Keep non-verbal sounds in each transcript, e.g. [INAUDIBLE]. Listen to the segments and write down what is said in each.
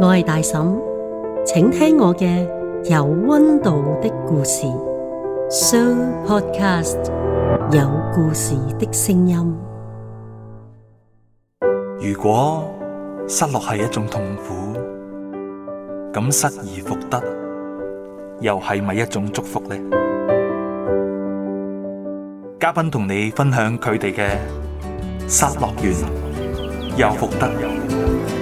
我係大嬸，請聽我嘅有溫度的故事。Show Podcast 有故事的聲音。如果失落係一種痛苦，咁失而復得，又係咪一種祝福呢？嘉賓同你分享佢哋嘅失落完又復得。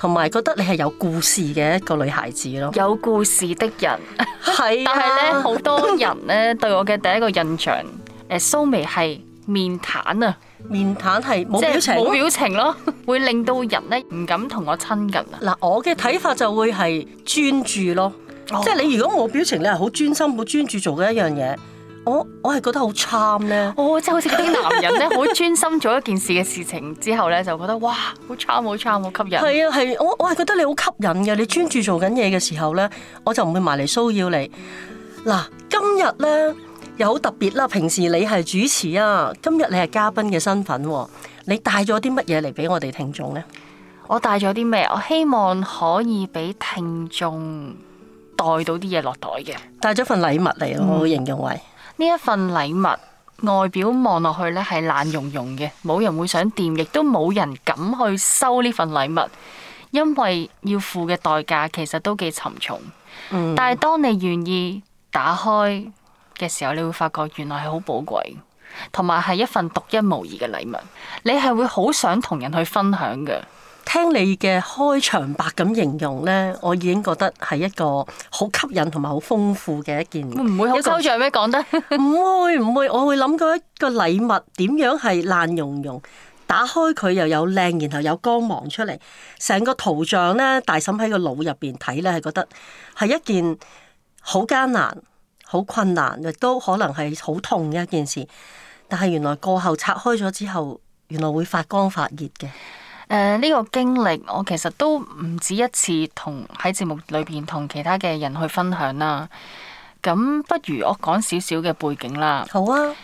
同埋覺得你係有故事嘅一個女孩子咯，有故事的人，係 [LAUGHS] [LAUGHS] 但係咧好多人咧對我嘅第一個印象，誒蘇、 [COUGHS] 呃、眉係面癱啊，面癱係冇表情。冇表情咯，會令到人咧唔敢同我親近啊。嗱我嘅睇法就會係專注咯，哦、即係你如果冇表情，你係好專心好專注做嘅一樣嘢。我我係覺得好慘咧，我即係好似嗰啲男人咧，好專心做一件事嘅事情 [LAUGHS] 之後咧，就覺得哇，好慘，好慘，好吸引。係啊，係我我係覺得你好吸引嘅，你專注做緊嘢嘅時候咧，我就唔會埋嚟騷擾你。嗱，今日咧又好特別啦，平時你係主持啊，今日你係嘉賓嘅身份，你帶咗啲乜嘢嚟俾我哋聽眾咧？我帶咗啲咩？我希望可以俾聽眾帶到啲嘢落袋嘅，帶咗份禮物嚟咯，我認認為。呢一份禮物外表望落去咧係爛溶溶嘅，冇人會想掂，亦都冇人敢去收呢份禮物，因為要付嘅代價其實都幾沉重。嗯、但係當你願意打開嘅時候，你會發覺原來係好寶貴，同埋係一份獨一無二嘅禮物，你係會好想同人去分享嘅。聽你嘅開場白咁形容咧，我已經覺得係一個好吸引同埋好豐富嘅一件。唔會好抽象咩？講得唔 [LAUGHS] 會唔會？我會諗到一個禮物點樣係爛融融，打開佢又有靚，然後有光芒出嚟。成個圖像咧，大嬸喺個腦入邊睇咧，係覺得係一件好艱難、好困難，亦都可能係好痛嘅一件事。但係原來過後拆開咗之後，原來會發光發熱嘅。誒、呢、uh, 個經歷我其實都唔止一次同喺節目裏邊同其他嘅人去分享啦。咁不如我講少少嘅背景啦。好啊，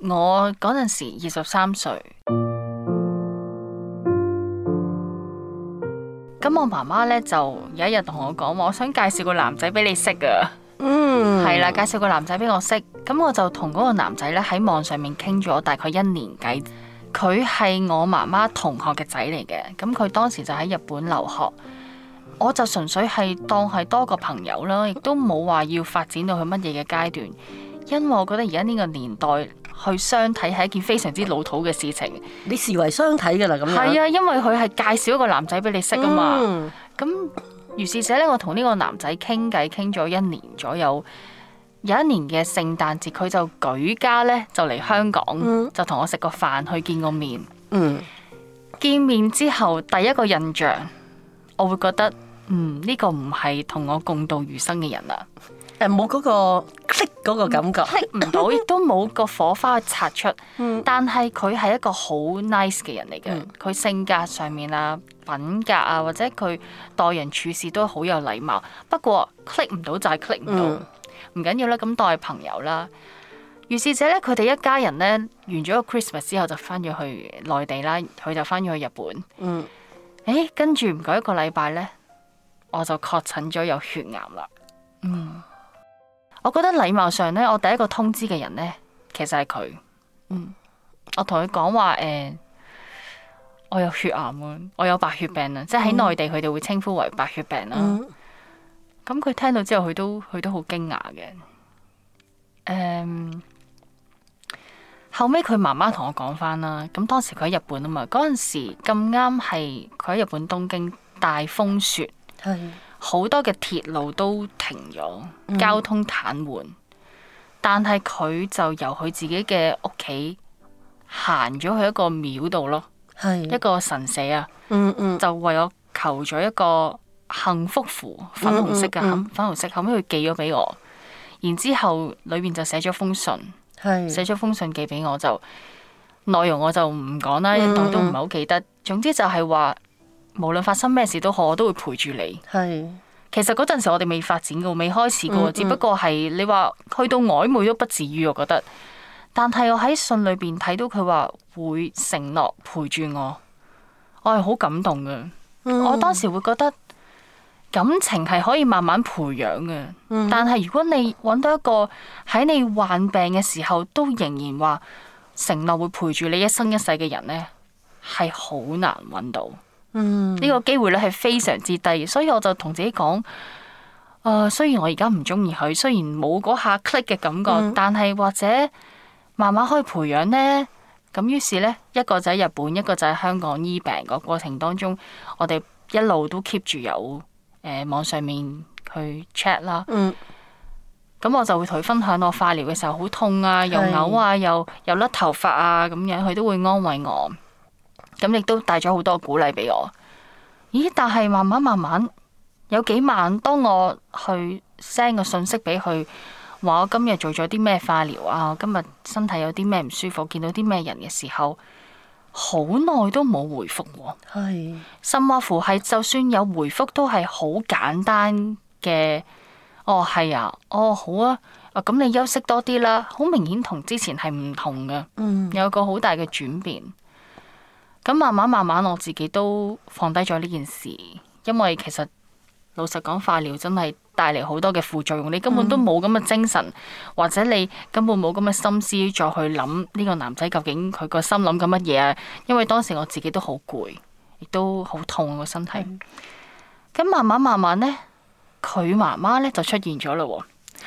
我嗰陣時二十三歲。咁我媽媽呢，就有一日同我講，我想介紹個男仔俾你識啊。嗯，係啦，介紹個男仔俾我識。咁我就同嗰個男仔呢，喺網上面傾咗大概一年幾。佢係我媽媽同學嘅仔嚟嘅，咁佢當時就喺日本留學，我就純粹係當係多個朋友啦，亦都冇話要發展到去乜嘢嘅階段，因為我覺得而家呢個年代去相睇係一件非常之老土嘅事情。你視為相睇噶啦，咁樣係啊，因為佢係介紹一個男仔俾你識啊嘛。咁、嗯、如是者咧，我同呢個男仔傾偈傾咗一年左右。有一年嘅聖誕節，佢就舉家咧就嚟香港，嗯、就同我食個飯，去見個面。嗯、見面之後，第一個印象我會覺得，嗯，呢、個唔係同我共度餘生嘅人啦。誒、嗯，冇嗰個 click 嗰個感覺，click 唔、嗯、到，亦都冇個火花去擦出。嗯、但係佢係一個好 nice 嘅人嚟嘅，佢、嗯、性格上面啊，品格啊，或者佢待人處事都好有禮貌。不過 click 唔到就係 click 唔到、嗯。唔緊要啦，咁當係朋友啦。於是者咧，佢哋一家人咧完咗個 Christmas 之後就翻咗去內地啦，佢就翻咗去日本。嗯，誒、欸，跟住唔夠一個禮拜咧，我就確診咗有血癌啦。嗯，我覺得禮貌上咧，我第一個通知嘅人咧，其實係佢。嗯，我同佢講話，誒、欸，我有血癌啊，我有白血病啊，嗯、即係喺內地佢哋會稱呼為白血病啦。嗯咁佢聽到之後，佢都佢都好驚訝嘅。誒、um，後尾佢媽媽同我講返啦。咁當時佢喺日本啊嘛，嗰陣時咁啱係佢喺日本東京大風雪，好是多嘅鐵路都停咗，交通癱瘓。嗯、但係佢就由佢自己嘅屋企行咗去一個廟度咯，是一個神社啊。嗯嗯，就為我求咗一個幸福符粉紅色嘅、嗯嗯嗯嗯嗯、粉紅色，後尾佢寄咗俾我，然之後裏邊就寫咗封信，寫咗是封信寄俾我就，就內容我就唔講啦，嗯嗯嗯一度都唔係好記得。總之就係話，無論發生咩事都好，我都會陪住你。是其實嗰陣時我哋未發展過，未開始過，嗯嗯嗯只不過係你話去到曖昧都不至於，我覺得。但係我喺信裏邊睇到佢話會承諾陪住我，我係好感動嘅。我當時會覺得。嗯感情係可以慢慢培養嘅，嗯、但係如果你揾到一個喺你患病嘅時候都仍然話承諾會陪住你一生一世嘅人呢，係好難揾到。呢、嗯、個機會咧係非常之低，所以我就同自己講：，誒、呃，雖然我而家唔中意佢，雖然冇嗰下 click 嘅感覺，嗯、但係或者慢慢可以培養呢。咁於是呢，一個就喺日本，一個就喺香港醫病個過程當中，我哋一路都 keep 住有。誒網上面去 chat 啦，咁、嗯、我就會同佢分享我化療嘅時候好痛啊，是又嘔啊，又又甩頭髮啊咁樣，佢都會安慰我，咁亦都帶咗好多鼓勵俾我。咦？但係慢慢慢慢有幾晚當我去 send 個信息俾佢，話我今日做咗啲咩化療啊，今日身體有啲咩唔舒服，見到啲咩人嘅時候。好耐都冇回覆、啊，係是甚至係，就算有回覆都係好簡單嘅。哦，係啊，哦好啊，咁你休息多啲啦。好明顯同之前係唔同嘅，有個好大嘅轉變。咁慢慢慢慢，我自己都放低咗呢件事，因為其實。老實講，化療真係帶嚟好多嘅副作用，你根本都冇咁嘅精神，嗯、或者你根本冇咁嘅心思再去諗呢個男仔究竟佢個心諗緊乜嘢啊？因為當時我自己都好攰，亦都好痛個、啊、身體。咁、嗯、慢慢慢慢呢，佢媽媽呢，佢媽媽呢就出現咗啦。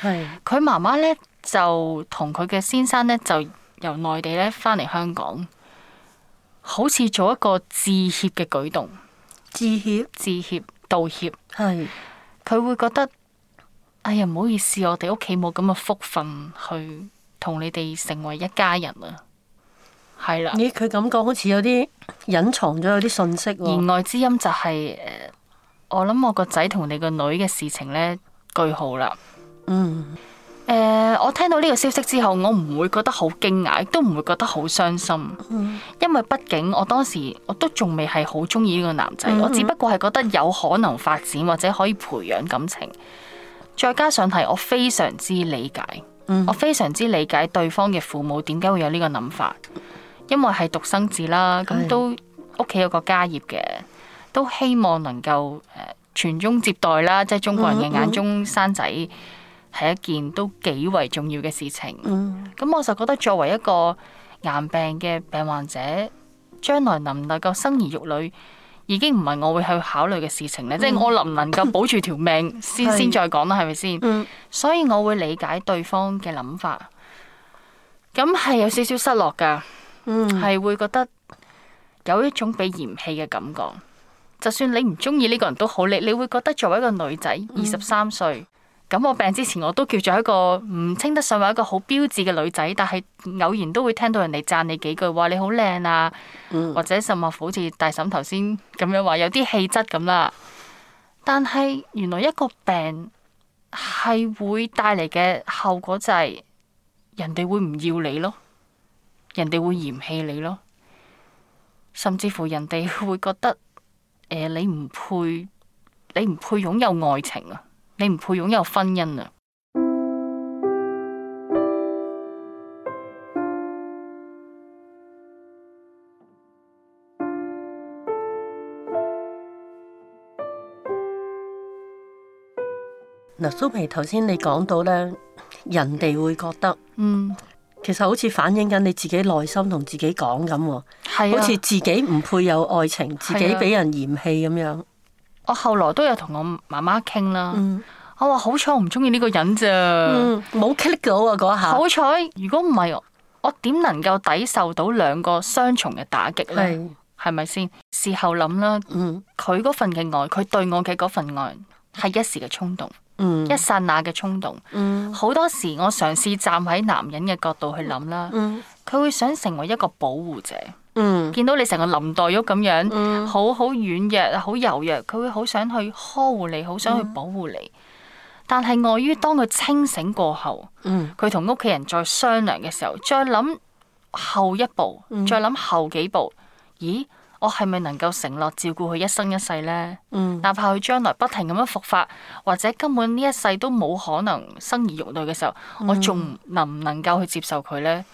係佢媽媽呢就同佢嘅先生呢就由內地呢返嚟香港，好似做一個致歉嘅舉動。致歉，致歉。道歉，係佢係會覺得，哎呀，唔好意思，我哋屋企冇咁嘅福分去同你哋成為一家人啊，係啦。咦、欸，佢感覺好似有啲隱藏咗有啲信息，哦，言外之音就係、誒、我諗我個仔同你個女嘅事情咧，句號啦。嗯。誒、呃，我聽到呢個消息之後，我唔會覺得好驚訝，都唔會覺得好傷心，因為畢竟我當時我都仲未係好中意呢個男仔，嗯嗯，我只不過係覺得有可能發展或者可以培養感情，再加上係我非常之理解，嗯、我非常之理解對方嘅父母點解會有呢個諗法，因為係獨生子啦，咁都屋企有個家業嘅，都希望能夠誒傳宗接代啦，即、就、係、是、中國人嘅眼中生仔，係一件都幾為重要嘅事情，咁、嗯嗯、我就覺得作為一個癌病嘅病患者，將來能唔能夠生兒育女，已經唔係我會去考慮嘅事情咧。嗯、即係我能唔能夠保住條命， [LAUGHS] 先先再講啦，係咪先？嗯、所以我會理解對方嘅諗法，咁、嗯、係有少少失落噶，係會覺得有一種被嫌棄嘅感覺。就算你唔中意呢個人都好，你你會覺得作為一個女仔，二十三歲。嗯咁我病之前，我都叫做一個唔稱得上為一個好標致嘅女仔，但係偶然都會聽到人哋讚你幾句，話你好靚啊，嗯、或者甚至乎好似大嬸頭先咁樣話有啲氣質咁啦。但係原來一個病係會帶嚟嘅後果就係人哋會唔要你咯，人哋會嫌棄你咯，甚至乎人哋會覺得誒、呃、你唔配，你唔配擁有愛情啊。你唔配擁有婚姻啊。嗱，Suki，頭先你講到咧，人哋會覺得，嗯，其實好似反映緊你自己內心同自己講咁，啊、好似自己唔配有愛情，自己俾人嫌棄咁樣。我後來都有同我媽媽傾啦，嗯、我話好彩我唔中意呢個人咋，冇 click 到啊嗰下。好彩，如果唔係我，我點能夠抵受到兩個雙重嘅打擊呢？係咪先？事後諗啦，佢嗰、嗯、份嘅愛，佢對我嘅嗰份愛係一時嘅衝動，嗯、一剎那嘅衝動。好、嗯、多時我嘗試站喺男人嘅角度去諗啦，佢、嗯嗯、會想成為一個保護者。嗯，見到你成個林黛玉咁樣，好好軟弱，好柔弱，佢會好想去呵護你，好想去保護你。嗯、但係礙於當佢清醒過後，佢同屋企人再商量嘅時候，再諗後一步，嗯、再諗後幾步，咦，我係咪能夠承諾照顧佢一生一世呢？嗯、哪怕佢將來不停咁樣復發，或者根本呢一世都冇可能生兒育女嘅時候，我仲能唔能夠去接受佢呢？嗯嗯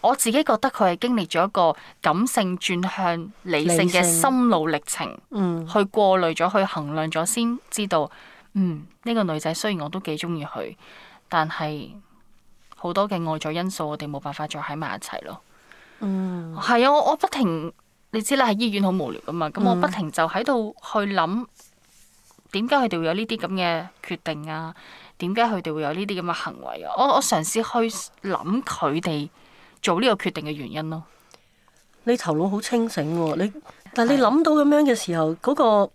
我自己覺得佢係經歷咗一個感性轉向理性嘅心路歷程，理性，去過濾咗，去衡量咗，先知道，嗯，呢、嗯呢個女仔雖然我都幾中意佢，但係好多嘅外在因素，我哋冇辦法再喺埋一齊咯。嗯，係啊，我不停，你知啦，喺醫院好無聊噶嘛，咁我不停就喺度去諗點解佢哋會有呢啲咁嘅決定啊？點解佢哋會有呢啲咁嘅行為啊？我我嘗試去諗佢哋。做呢個決定嘅原因咯，你頭腦好清醒喎，啊，你但係你諗到咁樣嘅時候，嗰、嗰個、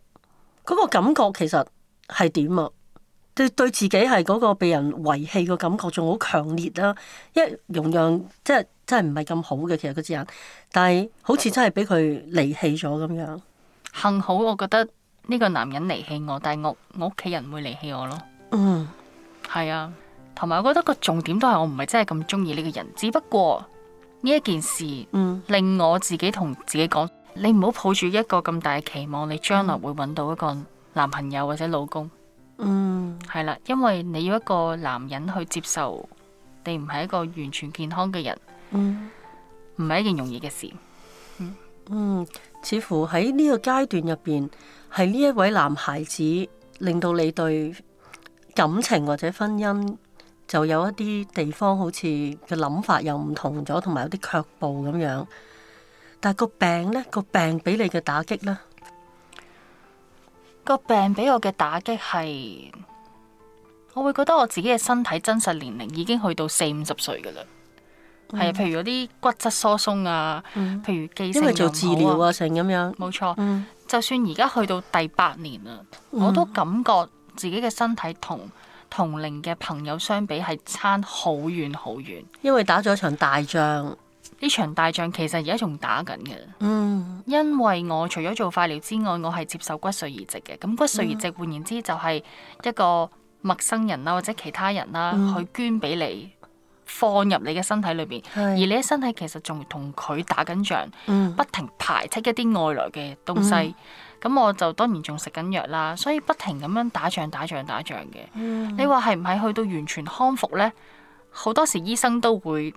嗰個感覺其實係點啊？對對自己係嗰個被人遺棄嘅感覺仲好強烈啦，啊，一容量即係真係唔係咁好嘅其實嗰啲人，但係好似真係俾佢離棄咗咁樣。幸好我覺得呢個男人離棄我，但係我我屋企人唔會離棄我咯。嗯，係啊，同埋我覺得個重點都係我唔係真係咁中意呢個人，只不過。呢一件事，嗯，令我自己同自己講，你唔好抱住一個咁大嘅期望，你將來會揾到一個男朋友或者老公，嗯，係啦，因為你要一個男人去接受，你唔係一個完全健康嘅人，嗯，唔係一件容易嘅事，嗯，嗯，似乎喺呢個階段入邊，係呢一位男孩子令到你對感情或者婚姻。就有一啲地方好似嘅諗法又唔同咗，同埋有啲卻步咁樣。但係個病呢，個病俾你嘅打擊咧，個病俾我嘅打擊係，我會覺得我自己嘅身體真實年齡已經去到四五十歲噶啦。係啊、嗯，譬如有啲骨質疏鬆啊，嗯、譬如記性、啊、因為做治療啊成咁樣。冇錯，嗯、就算而家去到第八年啦，嗯、我都感覺自己嘅身體同同齡嘅朋友相比很遠很遠，係差好遠好遠。因為打咗一場大仗，呢場大仗其實而家仲打緊嘅。嗯，因為我除咗做化療之外，我係接受骨髓移植嘅。咁骨髓移植換言之就係一個陌生人啦，或者其他人啦，去、嗯、捐俾你，放入你嘅身體裏邊。是而你嘅身體其實仲同佢打緊仗，嗯、不停排斥一啲外來嘅東西。嗯咁我就當然仲食緊藥啦，所以不停咁樣打仗、打仗、打仗嘅。嗯、你話係唔係去到完全康復呢？好多時醫生都會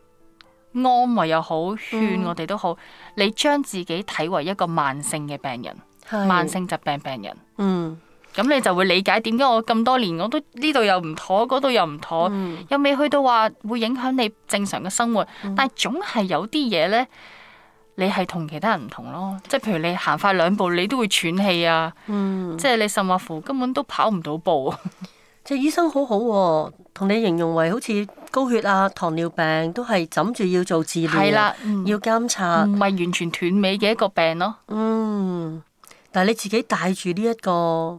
安慰又好，勸我哋都好。嗯、你將自己睇為一個慢性嘅病人，是慢性疾病病人。嗯，咁你就會理解點解我咁多年我都呢度又唔妥，嗰度又唔妥，嗯、又未去到話會影響你正常嘅生活，嗯、但係總係有啲嘢呢。你係同其他人唔同咯，即係譬如你行快兩步，你都會喘氣啊，嗯、即係你甚或乎根本都跑唔到步。即 [LAUGHS] 係醫生好好、啊、喎，同你形容為好似高血壓、啊、糖尿病都係枕住要做治療，係啦，嗯、要監察，唔係、嗯、完全斷尾嘅一個病咯、啊。嗯，但係你自己帶住呢一個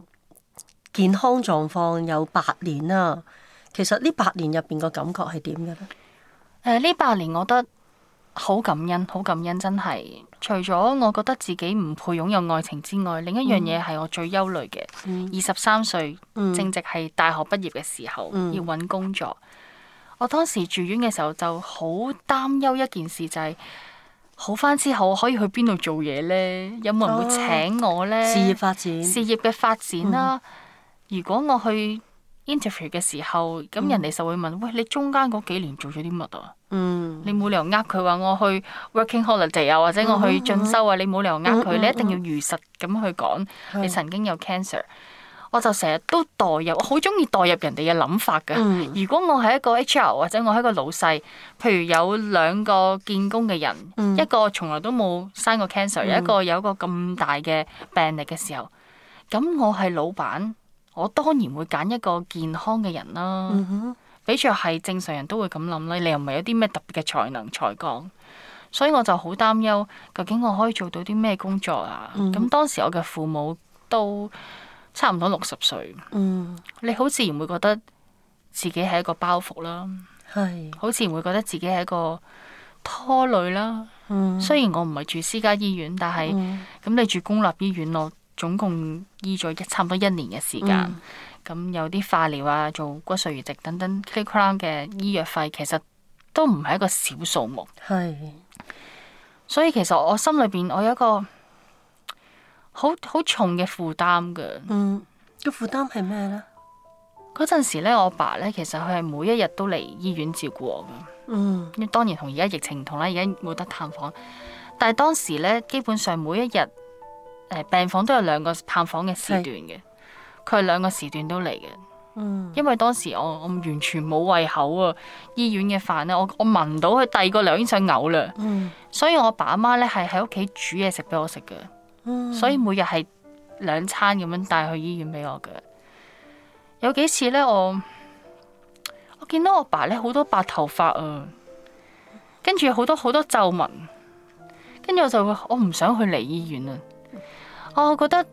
健康狀況有八年啦、啊，其實呢八年入邊個感覺係點嘅咧？誒、呃，呢八年我覺得。好感恩，好感恩，真係。除咗我覺得自己唔配擁有愛情之外，另一樣嘢係我最憂慮嘅。二十三歲，歲嗯、正值係大學畢業嘅時候，嗯、要搵工作。我當時住院嘅時候就好擔憂一件事，就係、是、好翻之後可以去邊度做嘢咧？有冇人會請我咧、啊？事業發展，事業嘅發展啦、啊。嗯、如果我去。interview 嘅時候，咁人哋就會問：嗯、喂，你中間嗰幾年做咗啲乜啊？嗯、你冇理由呃佢話我去 working holiday 啊，或者我去進修啊，嗯嗯、你冇理由呃佢。嗯嗯、你一定要如實咁去講，你曾經有 cancer。嗯、我就成日都代入，我好中意代入人哋嘅諗法㗎。嗯、如果我係一個 HR 或者我係一個老細，譬如有兩個見工嘅人，嗯、一個從來都冇生過 cancer，嗯、一個有一個咁大嘅病歷嘅時候，咁我係老闆。我當然會揀一個健康嘅人啦，嗯、哼比著係正常人都會咁諗啦。你又唔係有啲咩特別嘅才能才幹，所以我就好擔憂，究竟我可以做到啲咩工作啊？咁、嗯、當時我嘅父母都差唔多六十歲，嗯、你好自然會覺得自己係一個包袱啦，是好自然會覺得自己係一個拖累啦。嗯、雖然我唔係住私家醫院，但係咁、嗯、你住公立醫院咯。總共醫咗一差唔多一年嘅時間，咁、嗯嗯、有啲化療啊，做骨髓移植等等，c 呢啲咁嘅醫藥費其實都唔係一個小數目。係是，所以其實我心裏面我有一個好好重嘅負擔噶。嗯，個負擔係咩呢？嗰陣時咧，我爸咧，其實佢係每一日都嚟醫院照顧我噶。嗯，當然同而家疫情唔同啦，而家冇得探訪。但係當時咧，基本上每一日。病房都有兩個探訪嘅時段嘅，佢係兩個時段都嚟嘅。嗯，因為當時我我完全冇胃口啊，醫院嘅飯咧，我我聞到佢第二個就已經想嘔啦。嗯，所以我爸阿媽咧係喺屋企煮嘢食俾我食嘅。嗯，所以每日係兩餐咁樣帶去醫院俾我嘅。有幾次咧，我我見到我爸咧好多白頭髮啊，跟住好多好多皺紋，跟住我就會我唔想去嚟醫院啊。我覺得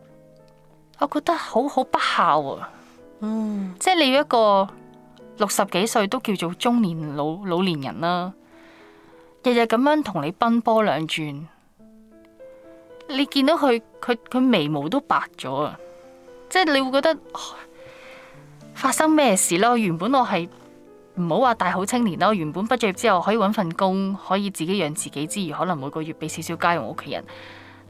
我覺得好好不孝啊！嗯，即係你要一個六十幾歲都叫做中年老老年人啦，啊，日日咁樣同你奔波兩轉，你見到佢佢佢眉毛都白咗啊！即係你會覺得發生咩事咯？原本我係唔好話大好青年咯，原本畢咗業之後可以揾份工，可以自己養自己之餘，可能每個月俾少少家用屋企人。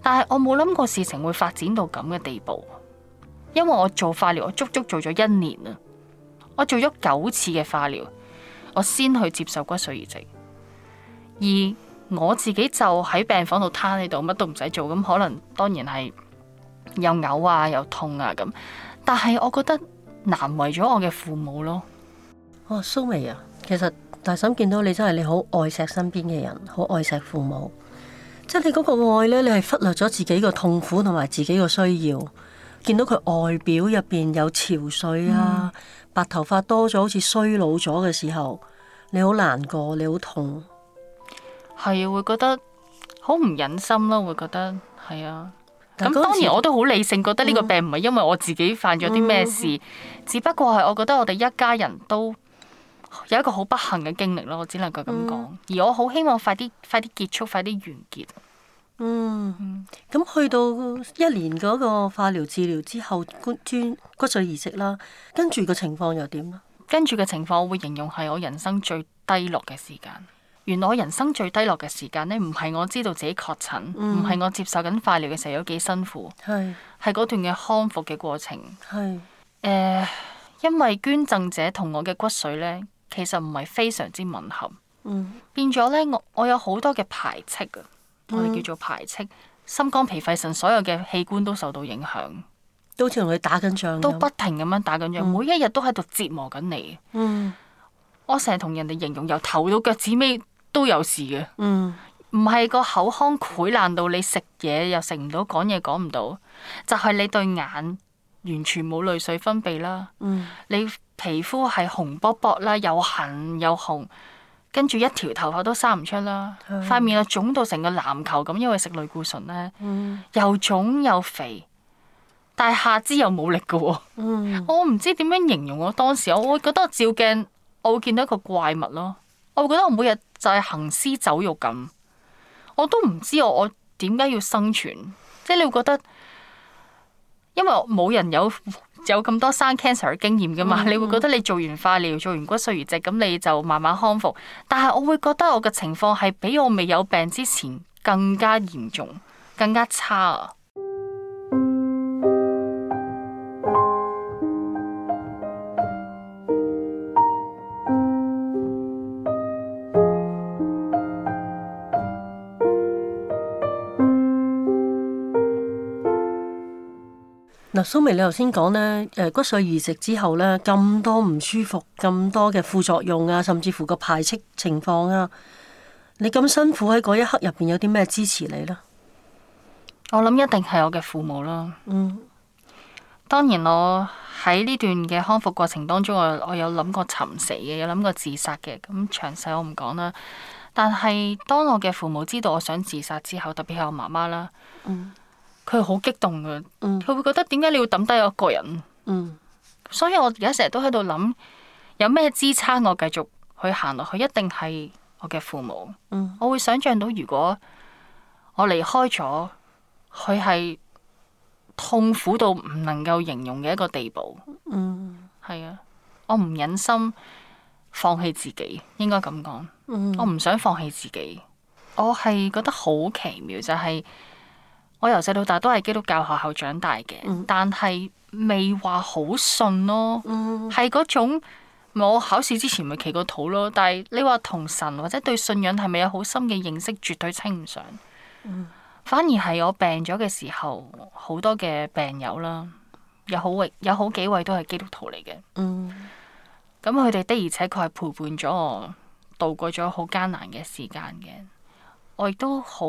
但係我冇諗過事情會發展到咁嘅地步，因為我做化療，我足足做咗一年啊，我做咗九次嘅化療，我先去接受骨髓移植，而我自己就喺病房度攤喺度，乜都唔使做，咁可能當然係又嘔啊，又痛啊咁，但係我覺得難為咗我嘅父母咯。哦，蘇眉啊，其實大嬸見到你真係、就是、你好愛錫身邊嘅人，好愛錫父母。即係你嗰個愛咧，你係忽略咗自己個痛苦同埋自己個需要。見到佢外表入邊有憔悴啊，嗯、白頭髮多咗，好似衰老咗嘅時候，你好難過，你好痛，係啊，會覺得好唔忍心咯。會覺得係啊。咁當然我都好理性，覺得呢個病唔係因為我自己犯咗啲咩事，嗯、只不過係我覺得我哋一家人都有一個好不幸嘅經歷咯。我只能夠咁講，嗯、而我好希望快啲、快啲結束、快啲完結。嗯，咁去到一年嗰個化療治療之後，骨捐骨髓移植啦，跟住個情況又點咧？跟住嘅情況，我會形容係我人生最低落嘅時間。原來我人生最低落嘅時間呢，唔係我知道自己確診，唔係、嗯、我接受緊化療嘅時候有幾辛苦，係嗰是段嘅康復嘅過程。係是、uh, 因為捐贈者同我嘅骨髓呢，其實唔係非常之吻合，嗯，變咗呢，我我有好多嘅排斥。我哋叫做排斥，心肝脾肺腎所有嘅器官都受到影響，都似同佢打緊仗，都不停咁樣打緊仗，嗯、每一日都喺度折磨緊你。嗯、我成日同人哋形容，由頭到腳趾尾都有事嘅。唔係個口腔潰爛到你食嘢又食唔到，講嘢講唔到，就係、是、你對眼完全冇淚水分泌啦。嗯、你皮膚係紅卜卜啦，又痕又紅。跟住一條頭髮都生唔出啦，塊面又腫到成個籃球咁，因為食類固醇咧，嗯、又腫又肥，但係下肢又冇力嘅喎、哦。嗯、我唔知點樣形容我當時，我會覺得照鏡，我會見到一個怪物咯。我會覺得我每日就係行屍走肉咁，我都唔知我我點解要生存，即係你會覺得，因為冇人有。有咁多生 cancer 嘅經驗㗎嘛？Oh. 你會覺得你做完化療、做完骨髓移植，咁你就慢慢康復。但係我會覺得我嘅情況係比我未有病之前更加嚴重、更加差啊！嗱，蘇眉，你頭先講咧，誒，骨髓移植之後咧，咁多唔舒服，咁多嘅副作用啊，甚至乎個排斥情況啊，你咁辛苦喺嗰一刻入邊，有啲咩支持你呢？我諗一定係我嘅父母啦。嗯，當然我喺呢段嘅康復過程當中，我我有諗過尋死嘅，有諗過自殺嘅，咁詳細我唔講啦。但係當我嘅父母知道我想自殺之後，特別係我媽媽啦。嗯。佢好激動嘅，佢，嗯，會覺得點解你要抌低我個人？嗯，所以我而家成日都喺度諗，有咩支撐我繼續去行落去？一定係我嘅父母。嗯，我會想象到如果我離開咗，佢係痛苦到唔能夠形容嘅一個地步。嗯，係啊，我唔忍心放棄自己，應該咁講。嗯，我唔想放棄自己。我係覺得好奇妙，就係。我由細到大都係基督教學校長大嘅，嗯、但係未話好信咯，係嗰、嗯、種，我考試之前咪祈過禱咯。但係你話同神或者對信仰係咪有好深嘅認識，絕對稱唔上。嗯、反而係我病咗嘅時候，好多嘅病友啦，有好位有好幾位都係基督徒嚟嘅。咁佢哋的而且確係陪伴咗我，度過咗好艱難嘅時間嘅。我亦都好。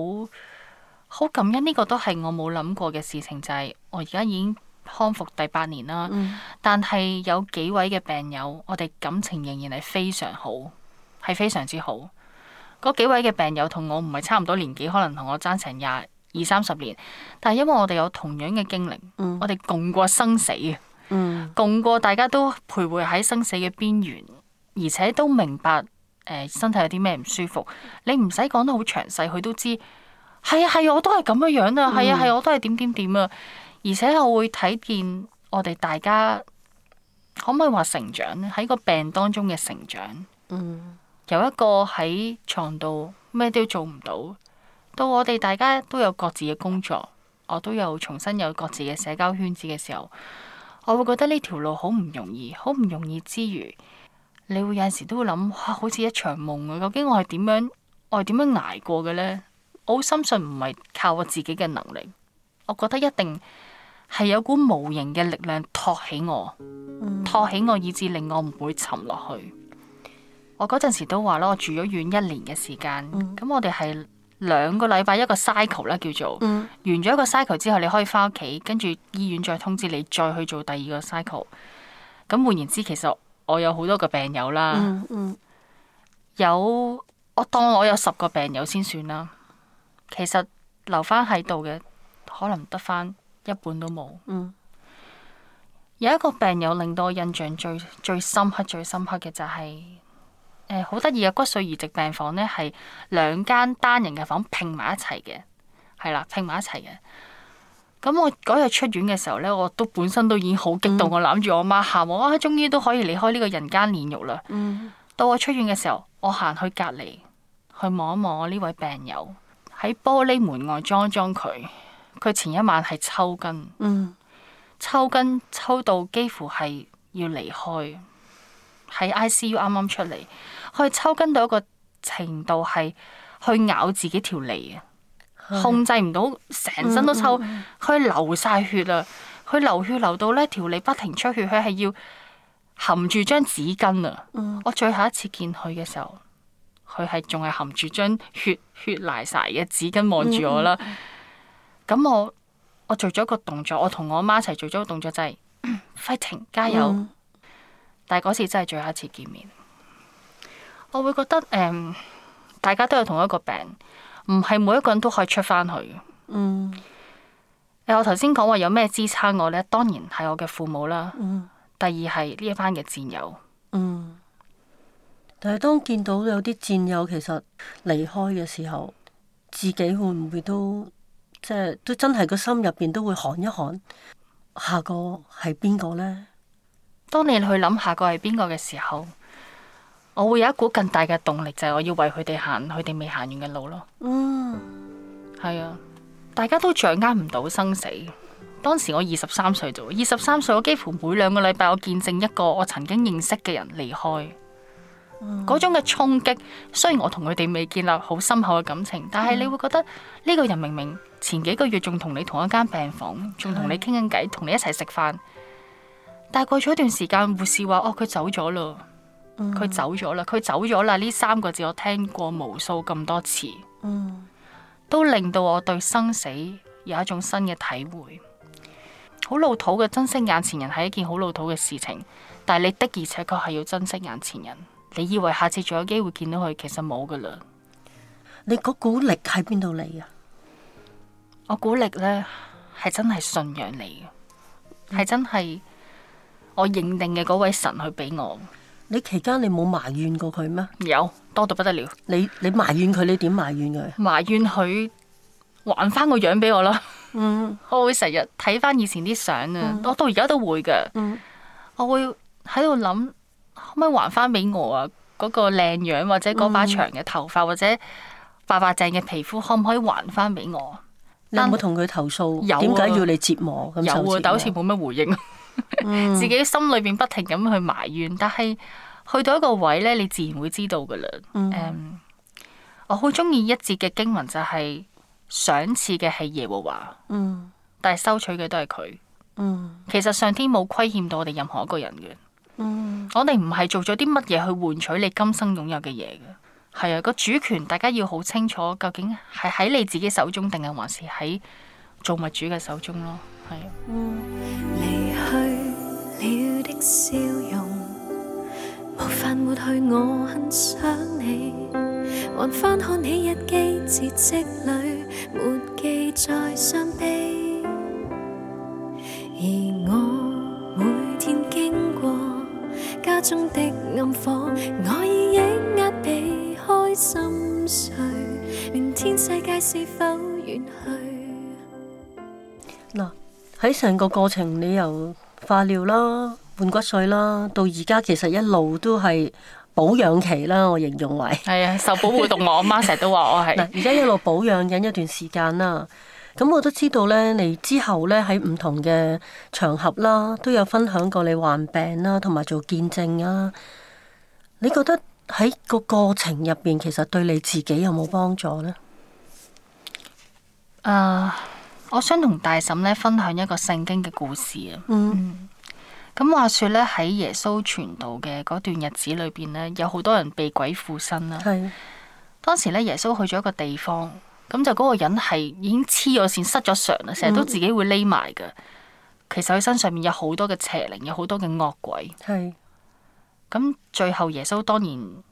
好感恩呢、這個都係我冇諗過嘅事情，就係、是、我而家已經康復第八年啦。嗯、但係有幾位嘅病友，我哋感情仍然係非常好，係非常之好。嗰幾位嘅病友同我唔係差唔多年紀，可能同我爭成廿二三十年，但係因為我哋有同樣嘅經歷，嗯、我哋共過生死，共過大家都徘徊喺生死嘅邊緣，而且都明白、呃、身體有啲咩唔舒服，你唔使講得好詳細，佢都知。係啊係啊，我都係咁嘅樣啊，係、嗯、啊係啊，啊、我都係點點點啊，而且我會睇見我哋大家可唔可以話成長咧？喺個病當中嘅成長，嗯，由一個喺床度咩都做唔到，到我哋大家都有各自嘅工作，我都有重新有各自嘅社交圈子嘅時候，我會覺得呢條路好唔容易，好唔容易之餘，你會有陣時都會諗，哇，好似一場夢啊！究竟我係點樣，我係點樣捱過嘅咧？好深信唔係靠我自己嘅能力，我覺得一定係有股無形嘅力量托起我，嗯、托起我，以至令我唔會沉落去。我嗰陣時都話咯，我住咗院一年嘅時間，咁、嗯、我哋係兩個禮拜一個 cycle 咧，叫做、嗯、完咗一個 cycle 之後，你可以翻屋企，跟住醫院再通知你再去做第二個 cycle。咁換言之，其實我有好多個病友啦，嗯嗯、有我當我有十個病友先算啦。其實留翻喺度嘅，可能得翻一半都冇。嗯，有一個病友令到我印象最最深刻、最深刻嘅就係誒，好得意嘅骨髓移植病房呢，係兩間單人嘅房拼埋一齊嘅，係啦，拼埋一齊嘅。咁我嗰日出院嘅時候呢，我都本身都已經好激動，嗯、我攬住我媽喊我啊，我終於都可以離開呢個人間煉獄啦。嗯，到我出院嘅時候，我行去隔籬去望一望我呢位病友。喺玻璃門外裝一裝佢，佢前一晚係抽筋，嗯、抽筋抽到幾乎係要離開，喺 I C U 啱啱出嚟，佢抽筋到一個程度係去咬自己條脷啊，是控制唔到，成身都抽，佢、嗯嗯、流晒血啦，佢流血流到呢條脷不停出血，佢係要含住張紙巾啊，嗯、我最後一次見佢嘅時候。佢係仲係含住張血血瀨晒嘅紙巾望住我啦，咁、嗯、我我做咗一個動作，我同我阿媽一齊做咗個動作，就係 fighting，加油！嗯、但係嗰次真係最後一次見面，我會覺得誒、嗯，大家都有同一個病，唔係每一個人都可以出翻去誒，嗯、我頭先講話有咩支撐我呢？當然係我嘅父母啦。嗯、第二係呢一班嘅戰友。嗯但係，當見到有啲戰友其實離開嘅時候，自己會唔會都即係都真係個心入邊都會寒一寒？下個係邊個呢？當你去諗下個係邊個嘅時候，我會有一股更大嘅動力，就係我要為佢哋行佢哋未行完嘅路咯。嗯，係啊，大家都掌握唔到生死。當時我二十三歲啫，二十三歲我幾乎每兩個禮拜我見證一個我曾經認識嘅人離開。嗰種嘅衝擊，雖然我同佢哋未建立好深厚嘅感情，但係你會覺得呢個人明明前幾個月仲同你同一間病房，仲同你傾緊偈，同你一齊食飯，但係過咗一段時間，護士話哦，佢走咗啦，佢走咗啦。佢走咗啦呢三個字我聽過無數咁多次，都令到我對生死有一種新嘅體會。好老土嘅，珍惜眼前人係一件好老土嘅事情，但係你的而且確係要珍惜眼前人。你以為下次仲有機會見到佢，其實冇噶啦。你嗰股力喺邊度嚟啊？我股力咧，係真係信仰你嘅，係真係我認定嘅嗰位神去俾我。你期間你冇埋怨過佢咩？有多到不得了。你你埋怨佢，你點埋怨佢？埋怨佢還翻個樣俾我啦。 [LAUGHS] 我嗯，會嗯我會成日睇翻以前啲相啊，我到而家都會噶。嗯，我會喺度諗。可唔可以還翻俾我啊？嗰、嗰個靚樣或者嗰把長嘅頭髮或者白白淨嘅皮膚，可唔可以還翻俾我？有冇同佢投訴？有啊。點解要你折磨？折磨有啊，但好似冇乜回應。嗯、 [LAUGHS] 自己心裏邊不停咁去埋怨，但係去到一個位咧,你自然會知道噶啦嗯 um, 我好中意一節嘅經文，就是，就係賞賜嘅係耶和華，嗯、但係收取嘅都係佢，嗯、其實上天冇虧欠到我哋任何一個人嘅。嗯，我哋唔係做咗啲乜嘢去換取你今生擁有嘅嘢嘅，係啊，個主權大家要好清楚，究竟係喺你自己手中定係還是喺造物主嘅手中咯？係。中的暗火，我已抑壓，避開心碎，明天世界是否遠去。嗱，喺成個過程，你由化療啦、換骨髓啦，到而家其實一路都係保養期啦，我形容為。係啊，受保護動物我阿媽成日都話我係。嗱，而家一路保養緊一段時間啦。咁我都知道咧，你之後咧，喺唔同嘅場合啦，都有分享過你患病啦，同埋做見證啊。你覺得喺個過程入邊，其實對你自己有冇幫助呢？誒，uh, 我想同大嬸咧分享一個聖經嘅故事啊。嗯。咁、嗯、話說咧，喺耶穌傳道嘅嗰段日子裏邊咧，有好多人被鬼附身啦、啊。係是。當時咧，耶穌去咗一個地方。咁就嗰個人係已經黐咗線、失咗常啦，成日都自己會匿埋噶。其實佢身上面有好多嘅邪靈，有好多嘅惡鬼。係是。咁最後耶穌當然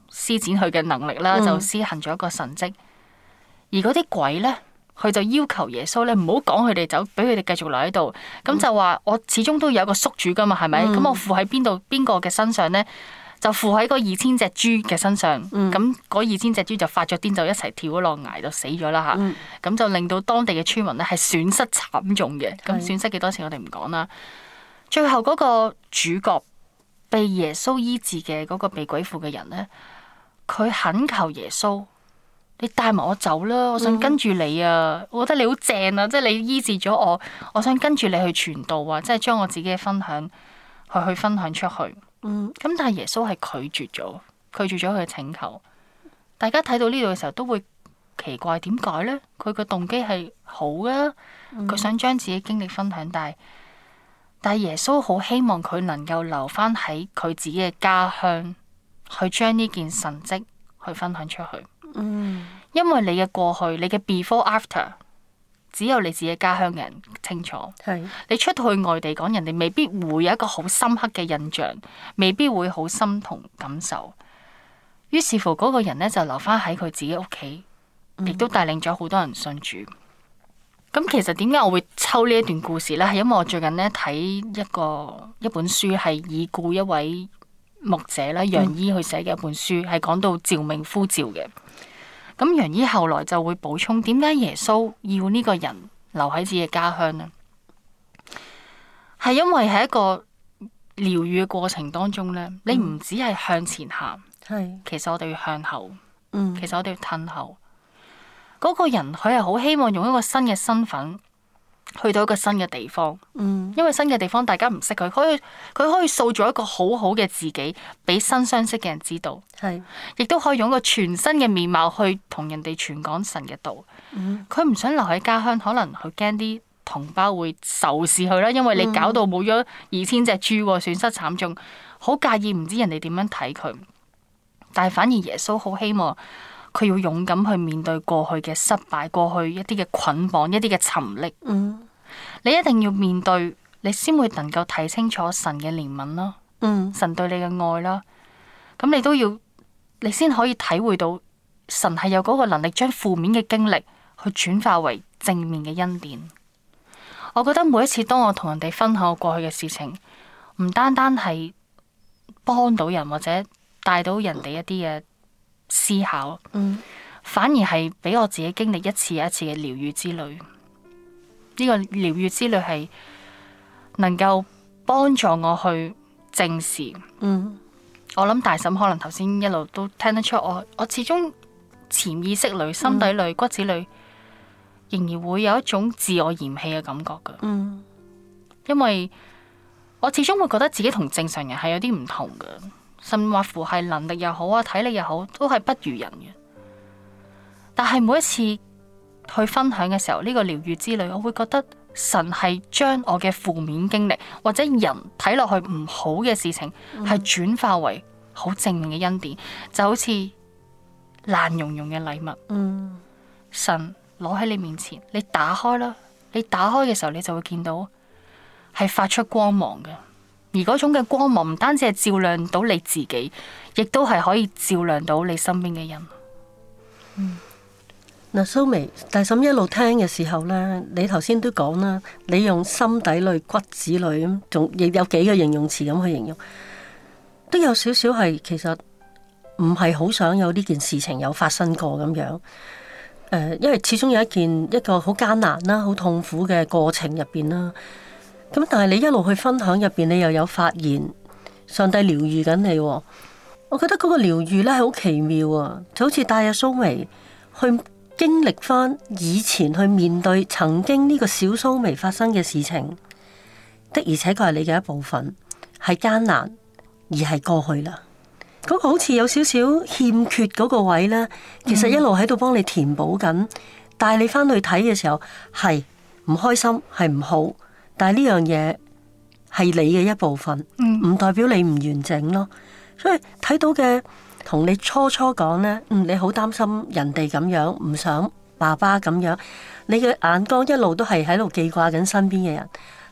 施展佢嘅能力啦，就施行咗一個神跡。嗯、而嗰啲鬼咧，佢就要求耶穌咧，唔好趕佢哋走，俾佢哋繼續留喺度。咁就話、嗯、我始終都有一個宿主噶嘛，係咪？咁、嗯、我附喺邊度邊個嘅身上咧？就附喺嗰二千隻豬嘅身上，咁嗰二千隻豬就發咗癲，就一齊跳咗落崖，就死咗啦吓。咁就令到當地嘅村民咧，係損失慘重嘅。咁損、嗯、失幾多錢我哋唔講啦。最後嗰個主角被耶穌醫治嘅嗰個被鬼附嘅人咧，佢懇求耶穌：「你帶埋我走啦，我想跟住你啊！我覺得你好正啊，即、就、係、是、你醫治咗我，我想跟住你去傳道啊！即係將我自己嘅分享去去分享出去。嗯，咁但係耶穌係拒絕咗，拒絕咗佢嘅請求。大家睇到呢度嘅時候都會奇怪，點解呢？佢嘅動機係好嘅，佢想將自己經歷分享，但係但係耶穌好希望佢能夠留翻喺佢自己嘅家鄉，去將呢件神蹟去分享出去。因為你嘅過去，你嘅 before after。只有你自己家鄉嘅人清楚。是你出去外地講，人哋未必會有一個好深刻嘅印象，未必會好心同感受。於是乎，嗰個人咧，就留翻喺佢自己屋企，亦都帶領咗好多人信主。咁、嗯、其實點解我會抽呢一段故事呢？係因為我最近咧，睇一個一本書，係已故一位牧者啦，楊伊去寫嘅一本書，係講到召命呼召嘅。咁楊姨後來就會補充，點解耶穌要呢個人留喺自己嘅家鄉咧？係因為喺一個療癒嘅過程當中咧，你唔止係向前行，係、嗯，其實我哋要向後，嗯、其實我哋要褪後。嗰、那個人佢係好希望用一個新嘅身份。去到一個新嘅地方，嗯、因為新嘅地方大家唔識佢，可以佢可以塑造一個好好嘅自己，俾新相識嘅人知道，亦都是可以用一個全新嘅面貌去同人哋傳講神嘅道。佢唔、嗯、想留喺家鄉，可能佢驚啲同胞會仇視佢啦，因為你搞到冇咗二千隻豬，損失慘重，好介意唔知人哋點樣睇佢。但係反而耶穌好希望。佢要勇敢去面對過去嘅失敗，過去一啲嘅捆綁，一啲嘅沉溺。嗯，你一定要面對，你先會能夠睇清楚神嘅憐憫啦，嗯，神對你嘅愛啦。咁你都要，你先可以體會到神係有嗰個能力，將負面嘅經歷去轉化為正面嘅恩典。我覺得每一次當我同人哋分享我過去嘅事情，唔單單係幫到人或者帶到人哋一啲嘅。思考，反而係俾我自己經歷一次一次嘅療癒之旅。呢個療癒之旅係能夠幫助我去正視。嗯，我諗大嬸可能頭先一路都聽得出我，我始終潛意識裏、心底裏、嗯、骨子裏，仍然會有一種自我嫌棄嘅感覺㗎。嗯，因為我始終會覺得自己同正常人係有啲唔同嘅。甚或乎係能力又好啊，體力又好，都係不如人嘅。但係每一次去分享嘅時候，呢、這個療癒之旅，我會覺得神係將我嘅負面經歷或者人睇落去唔好嘅事情，係轉、嗯、化為好正面嘅恩典，就好似爛茸茸嘅禮物。嗯、神攞喺你面前，你打開啦，你打開嘅時候，你就會見到係發出光芒嘅。而嗰種嘅光芒唔單止係照亮到你自己，亦都係可以照亮到你身邊嘅人。嗯，那蘇眉，但係咁一路聽嘅時候咧，你頭先都講啦，你用心底裏、骨子裏咁，仲亦有幾個形容詞咁去形容，都有少少係其實唔係好想有呢件事情有發生過咁樣。誒、呃，因為始終有一件一個好艱難啦、好痛苦嘅過程入邊啦。咁但係你一路去分享入邊，面你又有發現上帝療愈緊你。我覺得嗰個療愈咧係好奇妙啊！就好似帶阿蘇眉去經歷翻以前，去面對曾經呢個小蘇眉發生嘅事情。的而且確係你嘅一部分，係艱難而係過去啦。嗰、嗰個好似有少少欠缺嗰個位咧，其實一路喺度幫你填補緊，帶你翻去睇嘅時候係唔開心，係唔好。但係呢樣嘢係你嘅一部分，唔、嗯、代表你唔完整咯。所以睇到嘅同你初初講咧，嗯，你好擔心人哋咁樣，唔想爸爸咁樣，你嘅眼光一路都係喺度記掛緊身邊嘅人。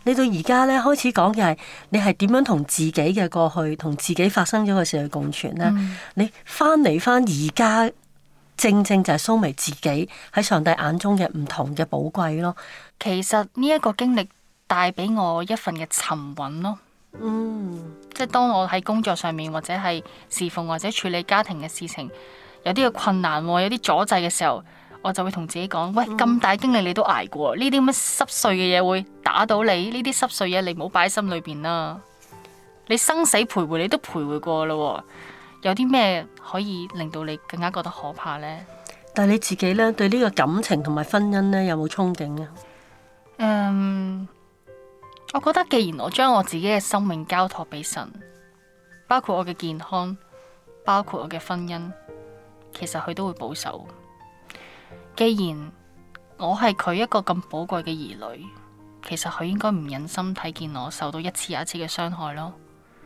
你到而家咧開始講嘅係，你係點樣同自己嘅過去，同自己發生咗嘅事去共存咧？嗯、你翻嚟翻而家，正正就係蘇眉自己喺上帝眼中嘅唔同嘅寶貴咯。其實呢一個經歷。帶俾我一份嘅沉穩咯，嗯，即係當我喺工作上面或者係侍奉或者處理家庭嘅事情，有啲嘅困難，有啲阻滯嘅時候，我就會同自己講，喂，咁大經歷你都捱過，呢啲咁樣濕碎嘅嘢會打倒你，呢啲濕碎嘢你唔好擺心裏邊啦。你生死徘徊你都徘徊過啦，有啲咩可以令到你更加覺得可怕呢？但係你自己呢，對呢個感情同埋婚姻呢，有冇憧憬呀？嗯。我覺得既然我將我自己嘅生命交託俾神，包括我嘅健康，包括我嘅婚姻，其實佢都會保守。既然我係佢一個咁寶貴嘅兒女，其實佢應該唔忍心睇見我受到一次又一次嘅傷害咯。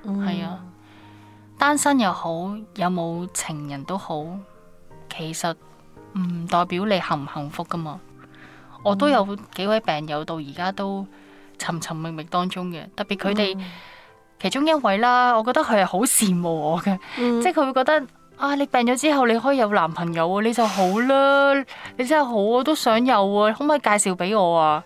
係、嗯、啊，單身又好，有冇情人都好，其實唔代表你幸唔幸福㗎嘛。我都有幾位病友到而家都。尋尋覓覓當中嘅，特別佢哋其中一位啦，嗯、我覺得佢係好羨慕我嘅，嗯、即係佢會覺得啊，你病咗之後你可以有男朋友，你就好啦，你真係好，我都想有，可唔可以介紹俾我啊？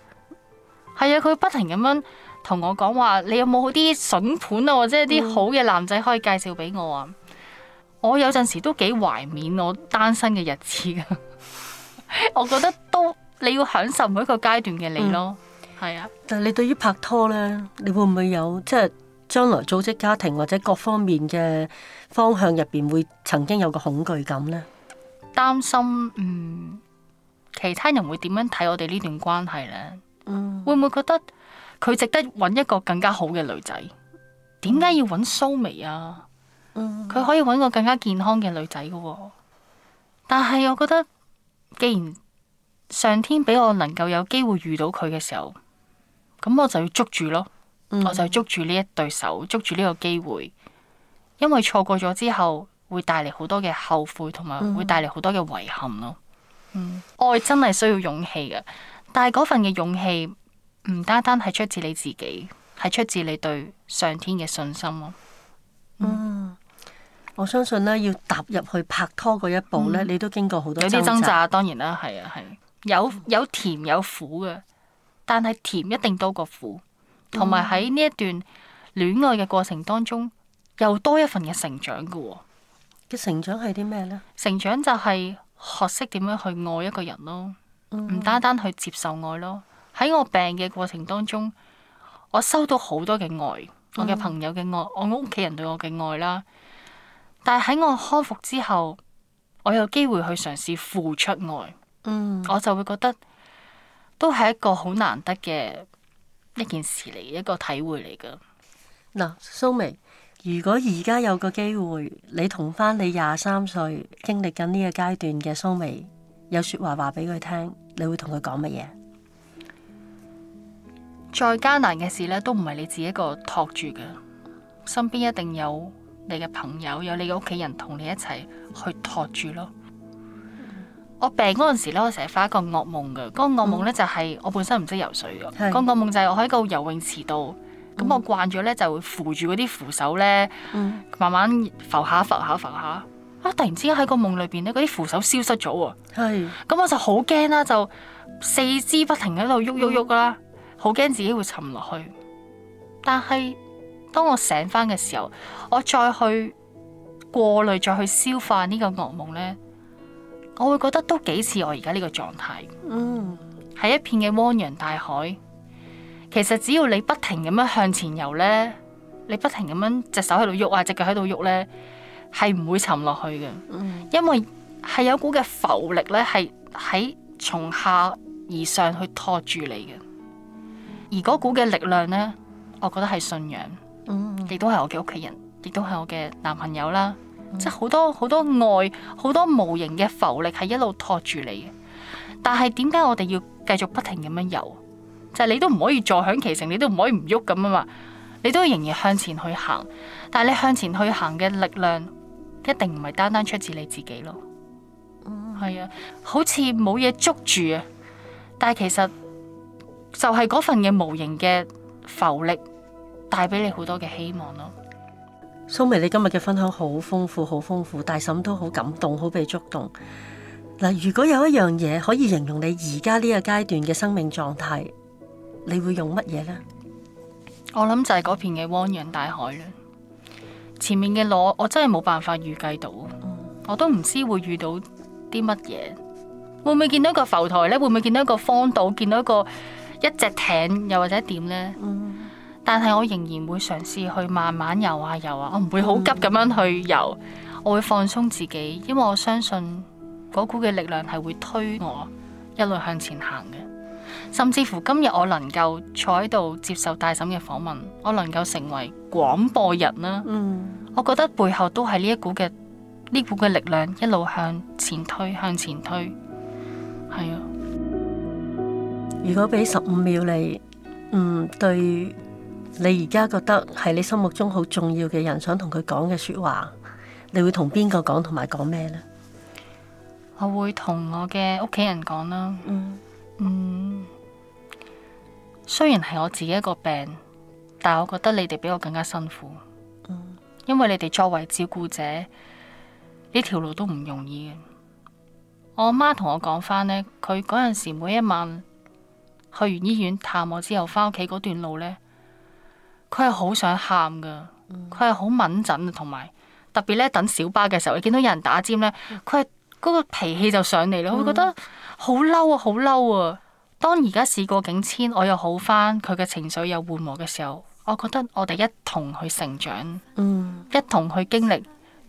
係啊，佢不停咁樣同我講話，你有冇啲筍盤啊，或者一啲好嘅男仔可以介紹俾我啊？嗯、我有陣時都幾懷念我單身嘅日子噶， [LAUGHS] 我覺得都你要享受每一個階段嘅你咯。嗯係啊，但係你對於拍拖咧，你會唔會有即係將來組織家庭或者各方面嘅方向入邊會曾經有個恐懼感咧？擔心，嗯，其他人會點樣睇我哋呢段關係咧？嗯、會唔會覺得佢值得搵一個更加好嘅女仔？點解要搵蘇眉啊？佢、嗯、可以搵個更加健康嘅女仔噶喎。但係我覺得，既然上天俾我能夠有機會遇到佢嘅時候，咁我就要捉住咯，我就要捉住呢一對手，捉住呢個機會，因為錯過咗之後，會帶嚟好多嘅後悔同埋，會帶嚟好多嘅遺憾咯。嗯，愛真係需要勇氣嘅，但係嗰份嘅勇氣，唔單單係出自你自己，係出自你對上天嘅信心咯。嗯,嗯，我相信咧，要踏入去拍拖嗰一步咧，嗯、你都經過好多有啲掙扎,扎，當然啦，係啊，係、啊、有有,有甜有苦嘅。但係甜一定多過苦，同埋喺呢一段戀愛嘅過程當中，又多一份嘅成長㗎、哦。嘅成長係啲咩呢？成長就係學識點樣去愛一個人咯，唔、嗯、單單去接受愛咯。喺我病嘅過程當中，我收到好多嘅愛，我嘅朋友嘅愛，我屋企人對我嘅愛啦。但係喺我康復之後，我有機會去嘗試付出愛，嗯、我就會覺得。都係一個好難得嘅一件事嚟，一個體會嚟噶。嗱，蘇 [NOISE] 眉樂，如果而家有個機會，你同翻你廿三歲經歷緊呢個階段嘅蘇眉，有說話話俾佢聽，你會同佢講乜嘢？再艱難嘅事咧，都唔係你自己一個托住嘅，身邊一定有你嘅朋友，有你嘅屋企人同你一齊去托住咯。我病嗰陣時咧，我成日發一個噩夢噶。嗰、嗰個噩夢咧就係我本身唔識游水噶。嗰是個噩夢就係我喺個游泳池度，咁我慣咗咧就會扶住嗰啲扶手咧，慢慢浮下浮下浮下。啊！突然之間喺個夢裏邊咧，嗰啲扶手消失咗喎。係是。咁我就好驚啦，就四肢不停喺度喐喐喐啦，好驚自己會沉落去。但係當我醒翻嘅時候，我再去過濾再去消化呢個噩夢咧。我會覺得都幾似我而家呢個狀態，嗯，係一片嘅汪洋大海。其實只要你不停咁樣向前游呢，你不停咁樣隻手喺度喐啊，隻腳喺度喐呢，係唔會沉落去嘅。因為係有股嘅浮力呢，係喺從下而上去拖住你嘅。而嗰股嘅力量呢，我覺得係信仰，嗯、亦都係我嘅屋企人，亦都係我嘅男朋友啦。即係好多好多愛，好多無形嘅浮力係一路托住你嘅。但係點解我哋要繼續不停咁樣游？就係、是、你都唔可以坐享其成，你都唔可以唔喐咁啊嘛！你都要仍然向前去行，但係你向前去行嘅力量一定唔係單單出自你自己咯。係啊、嗯，好似冇嘢捉住啊，但係其實就係嗰份嘅無形嘅浮力帶俾你好多嘅希望咯。蘇眉，你今日嘅分享好豐富，好豐富，大嬸都好感動，好被觸動。嗱，如果有一樣嘢可以形容你而家呢個階段嘅生命狀態，你會用乜嘢呢？我諗就係嗰片嘅汪洋大海啦。前面嘅路，我真係冇辦法預計到，嗯、我都唔知會遇到啲乜嘢。會唔會見到一個浮台呢？會唔會，會，會見到一個荒島？見到一個一隻艇，又或者點呢？嗯但係我仍然會嘗試去慢慢游啊游啊，我唔會好急咁樣去游，嗯、我會放鬆自己，因為我相信嗰股嘅力量係會推我一路向前行嘅。甚至乎今日我能夠坐喺度接受大嬸嘅訪問，我能夠成為廣播人啦、啊，嗯、我覺得背後都係呢一股嘅呢股嘅力量一路向前推向前推，係啊。如果俾十五秒你，嗯，對。你而家覺得係你心目中好重要嘅人，想同佢講嘅說話，你會同邊個講，同埋講咩呢？我會同我嘅屋企人講啦。嗯，嗯，雖然係我自己一個病，但係我覺得你哋比我更加辛苦。嗯，因為你哋作為照顧者呢條路都唔容易嘅。我媽同我講返呢，佢嗰陣時每一晚去完醫院探我之後，翻屋企嗰段路呢。佢係好想喊噶，佢係好敏感，同埋特別咧等小巴嘅時候，你見到有人打尖咧，佢係嗰個脾氣就上嚟咯。嗯、佢會覺得好嬲啊，好嬲啊！當而家事過境遷，我又好返，佢嘅情緒又緩和嘅時候，我覺得我哋一同去成長，嗯，一同去經歷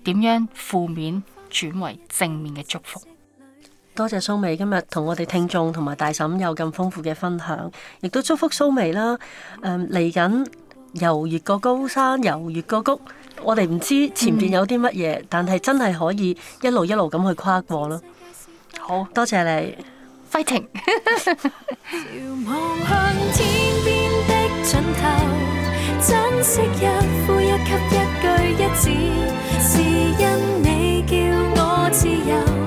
點樣負面轉為正面嘅祝福。多謝蘇眉今日同我哋聽眾同埋大嬸有咁豐富嘅分享，亦都祝福蘇眉啦。誒嚟緊。游越過高山，游越過谷，我哋唔知前邊有啲乜嘢，但係真係可以一路一路咁去跨過咯。好，多謝你，fighting。遙望向天邊的盡頭，珍惜一呼一吸，一句一字，是因你叫我自由。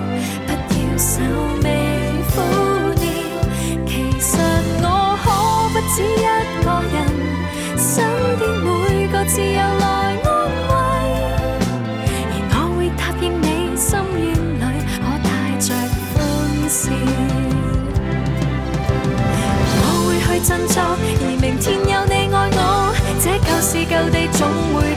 自由來安慰，而我會答應你，心願裏可帶着歡笑。我會去振作，而明天有你愛我，這舊時舊地總會。